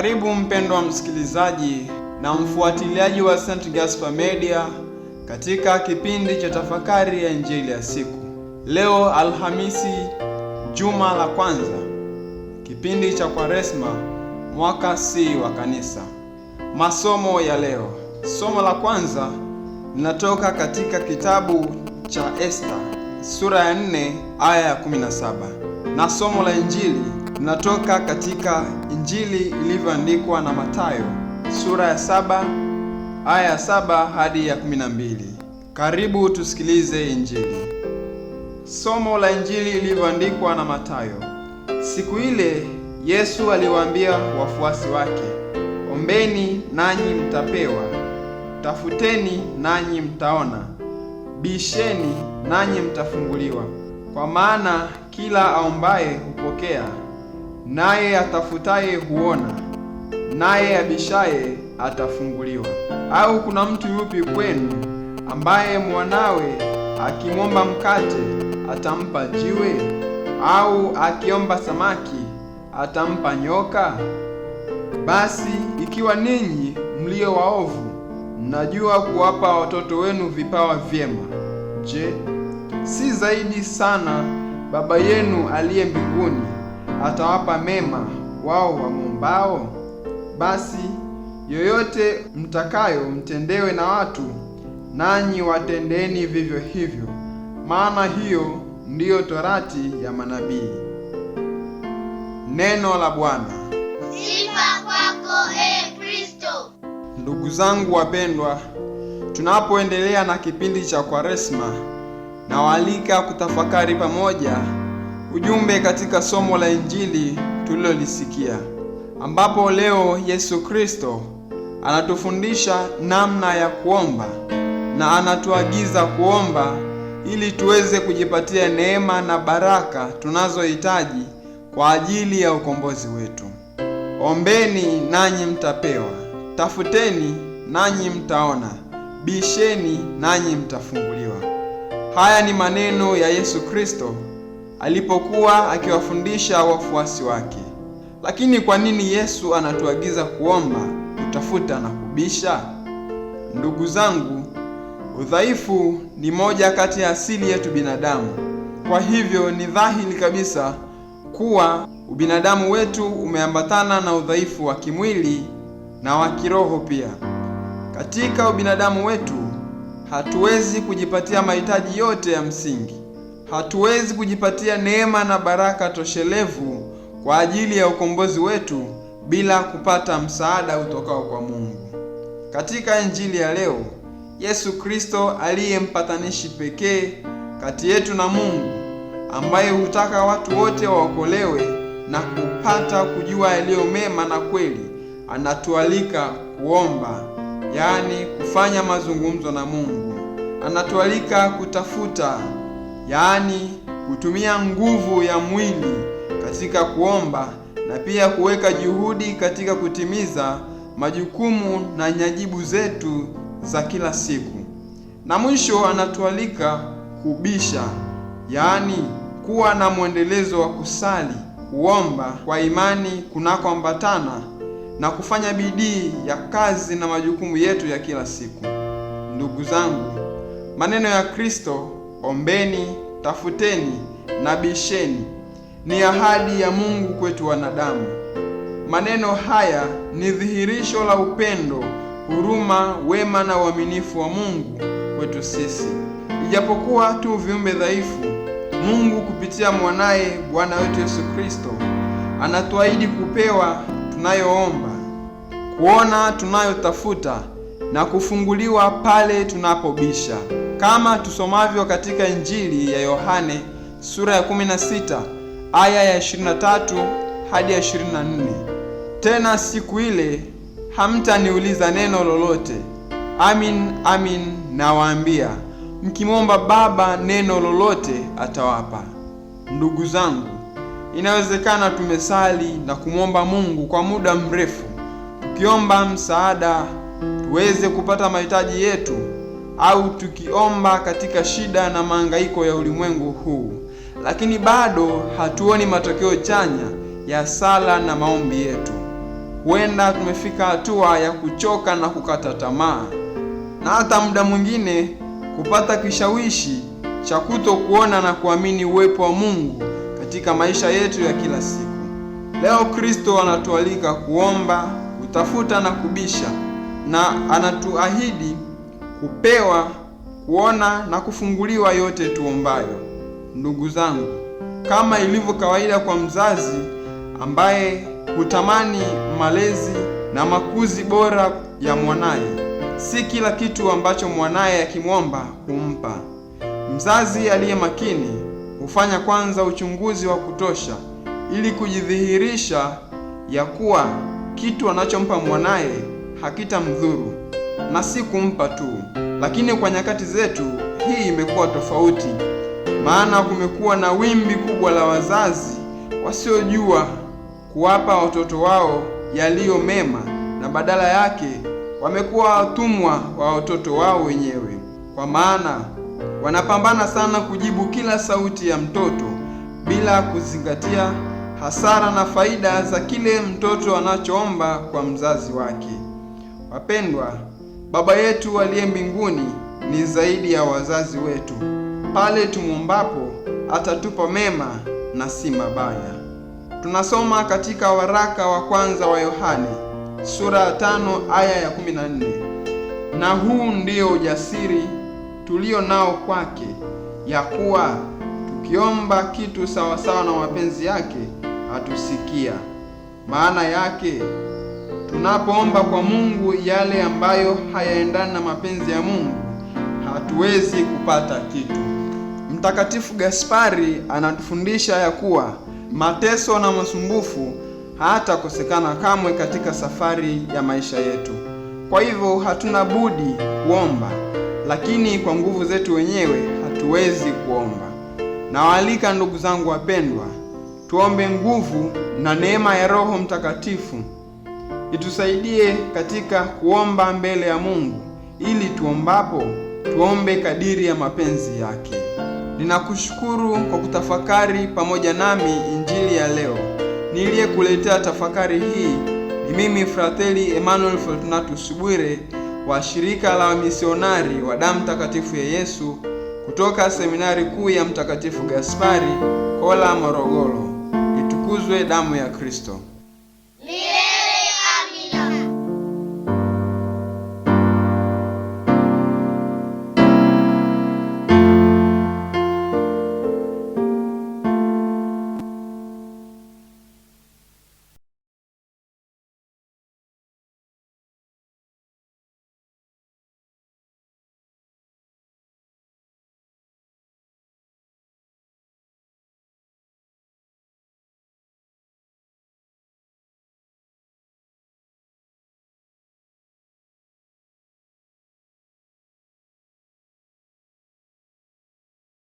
Karibu mpendwa msikilizaji na mfuatiliaji wa St. Gaspar Media katika kipindi cha tafakari ya injili ya siku. Leo Alhamisi, juma la kwanza, kipindi cha Kwaresma, mwaka C wa Kanisa. Masomo ya leo, somo la kwanza linatoka katika kitabu cha Esta sura ya 4 aya ya 17 na somo la injili Tunatoka katika Injili ilivyoandikwa na Mathayo sura ya saba aya ya saba hadi ya kumi na mbili. Karibu tusikilize Injili. Somo la Injili ilivyoandikwa na Mathayo. Siku ile Yesu aliwaambia wafuasi wake, ombeni nanyi mtapewa, tafuteni nanyi mtaona, bisheni nanyi mtafunguliwa, kwa maana kila aombaye hupokea naye atafutaye huona, naye abishaye atafunguliwa. Au kuna mtu yupi kwenu ambaye mwanawe akimwomba mkate atampa jiwe? Au akiomba samaki atampa nyoka? Basi ikiwa ninyi mlio waovu mnajua kuwapa watoto wenu vipawa vyema, je, si zaidi sana Baba yenu aliye mbinguni atawapa mema wao wamuombao? Basi yoyote mtakayo mtendewe na watu, nanyi watendeni vivyo hivyo, maana hiyo ndiyo torati ya manabii. Neno la Bwana. Sifa kwako e Kristo. Ndugu zangu wapendwa, tunapoendelea na kipindi cha Kwaresma, nawaalika kutafakari pamoja Ujumbe katika somo la Injili tulilolisikia ambapo leo Yesu Kristo anatufundisha namna ya kuomba na anatuagiza kuomba ili tuweze kujipatia neema na baraka tunazohitaji kwa ajili ya ukombozi wetu. Ombeni nanyi mtapewa, tafuteni nanyi mtaona, bisheni nanyi mtafunguliwa. Haya ni maneno ya Yesu Kristo alipokuwa akiwafundisha wafuasi wake. Lakini kwa nini Yesu anatuagiza kuomba, kutafuta na kubisha? Ndugu zangu, udhaifu ni moja kati ya asili yetu binadamu. Kwa hivyo ni dhahiri kabisa kuwa ubinadamu wetu umeambatana na udhaifu wa kimwili na wa kiroho pia. Katika ubinadamu wetu hatuwezi kujipatia mahitaji yote ya msingi hatuwezi kujipatia neema na baraka toshelevu kwa ajili ya ukombozi wetu bila kupata msaada utokao kwa Mungu. Katika injili ya leo, Yesu Kristo aliye mpatanishi pekee kati yetu na Mungu, ambaye hutaka watu wote waokolewe na kupata kujua yaliyo mema na kweli, anatualika kuomba, yaani kufanya mazungumzo na Mungu. Anatualika kutafuta yaani kutumia nguvu ya mwili katika kuomba na pia kuweka juhudi katika kutimiza majukumu na nyajibu zetu za kila siku. Na mwisho anatualika kubisha, yaani kuwa na mwendelezo wa kusali, kuomba kwa imani kunakoambatana na kufanya bidii ya kazi na majukumu yetu ya kila siku. Ndugu zangu, maneno ya Kristo ombeni, tafuteni na bisheni, ni ahadi ya Mungu kwetu wanadamu. Maneno haya ni dhihirisho la upendo, huruma, wema na uaminifu wa Mungu kwetu sisi. Ijapokuwa tu viumbe dhaifu, Mungu kupitia mwanaye Bwana wetu Yesu Kristo anatuahidi kupewa tunayoomba, kuona tunayotafuta na kufunguliwa pale tunapobisha kama tusomavyo katika Injili ya Yohane sura ya 16 aya ya 23 hadi ya 24: tena siku ile hamtaniuliza neno lolote. Amin, amin nawaambia, mkimwomba Baba neno lolote atawapa. Ndugu zangu, inawezekana tumesali na kumwomba Mungu kwa muda mrefu tukiomba msaada tuweze kupata mahitaji yetu au tukiomba katika shida na mahangaiko ya ulimwengu huu, lakini bado hatuoni matokeo chanya ya sala na maombi yetu. Huenda tumefika hatua ya kuchoka na kukata tamaa, na hata muda mwingine kupata kishawishi cha kutokuona na kuamini uwepo wa Mungu katika maisha yetu ya kila siku. Leo Kristo anatualika kuomba, kutafuta na kubisha, na anatuahidi hupewa kuona na kufunguliwa yote tuombayo. Ndugu zangu, kama ilivyo kawaida kwa mzazi ambaye hutamani malezi na makuzi bora ya mwanaye, si kila kitu ambacho mwanaye akimwomba humpa. Mzazi aliye makini hufanya kwanza uchunguzi wa kutosha ili kujidhihirisha ya kuwa kitu anachompa mwanaye hakitamdhuru na si kumpa tu. Lakini kwa nyakati zetu hii imekuwa tofauti, maana kumekuwa na wimbi kubwa la wazazi wasiojua kuwapa watoto wao yaliyo mema, na badala yake wamekuwa watumwa wa watoto wao wenyewe, kwa maana wanapambana sana kujibu kila sauti ya mtoto bila kuzingatia hasara na faida za kile mtoto anachoomba kwa mzazi wake. Wapendwa, Baba yetu aliye mbinguni ni zaidi ya wazazi wetu, pale tumwombapo atatupa mema na si mabaya. Tunasoma katika waraka wa kwanza wa Yohane sura ya tano aya ya kumi na nne na huu ndio ujasiri tulio nao kwake, ya kuwa tukiomba kitu sawasawa na mapenzi yake atusikia. Maana yake Tunapoomba kwa Mungu yale ambayo hayaendani na mapenzi ya Mungu, hatuwezi kupata kitu. Mtakatifu Gaspari anatufundisha ya kuwa mateso na masumbufu hayatakosekana kamwe katika safari ya maisha yetu. Kwa hivyo hatuna budi kuomba, lakini kwa nguvu zetu wenyewe hatuwezi kuomba. Nawaalika ndugu zangu wapendwa, tuombe nguvu na neema ya Roho Mtakatifu itusaidie katika kuomba mbele ya Mungu ili tuombapo tuombe kadiri ya mapenzi yake. Ninakushukuru kwa kutafakari pamoja nami injili ya leo. Niliyekuletea tafakari hii ni mimi Frateli Emmanuel Fortunatus Bwire wa shirika la wamisionari wa damu takatifu ya Yesu kutoka seminari kuu ya Mtakatifu Gaspari Kola, Morogoro. Itukuzwe damu ya Kristo!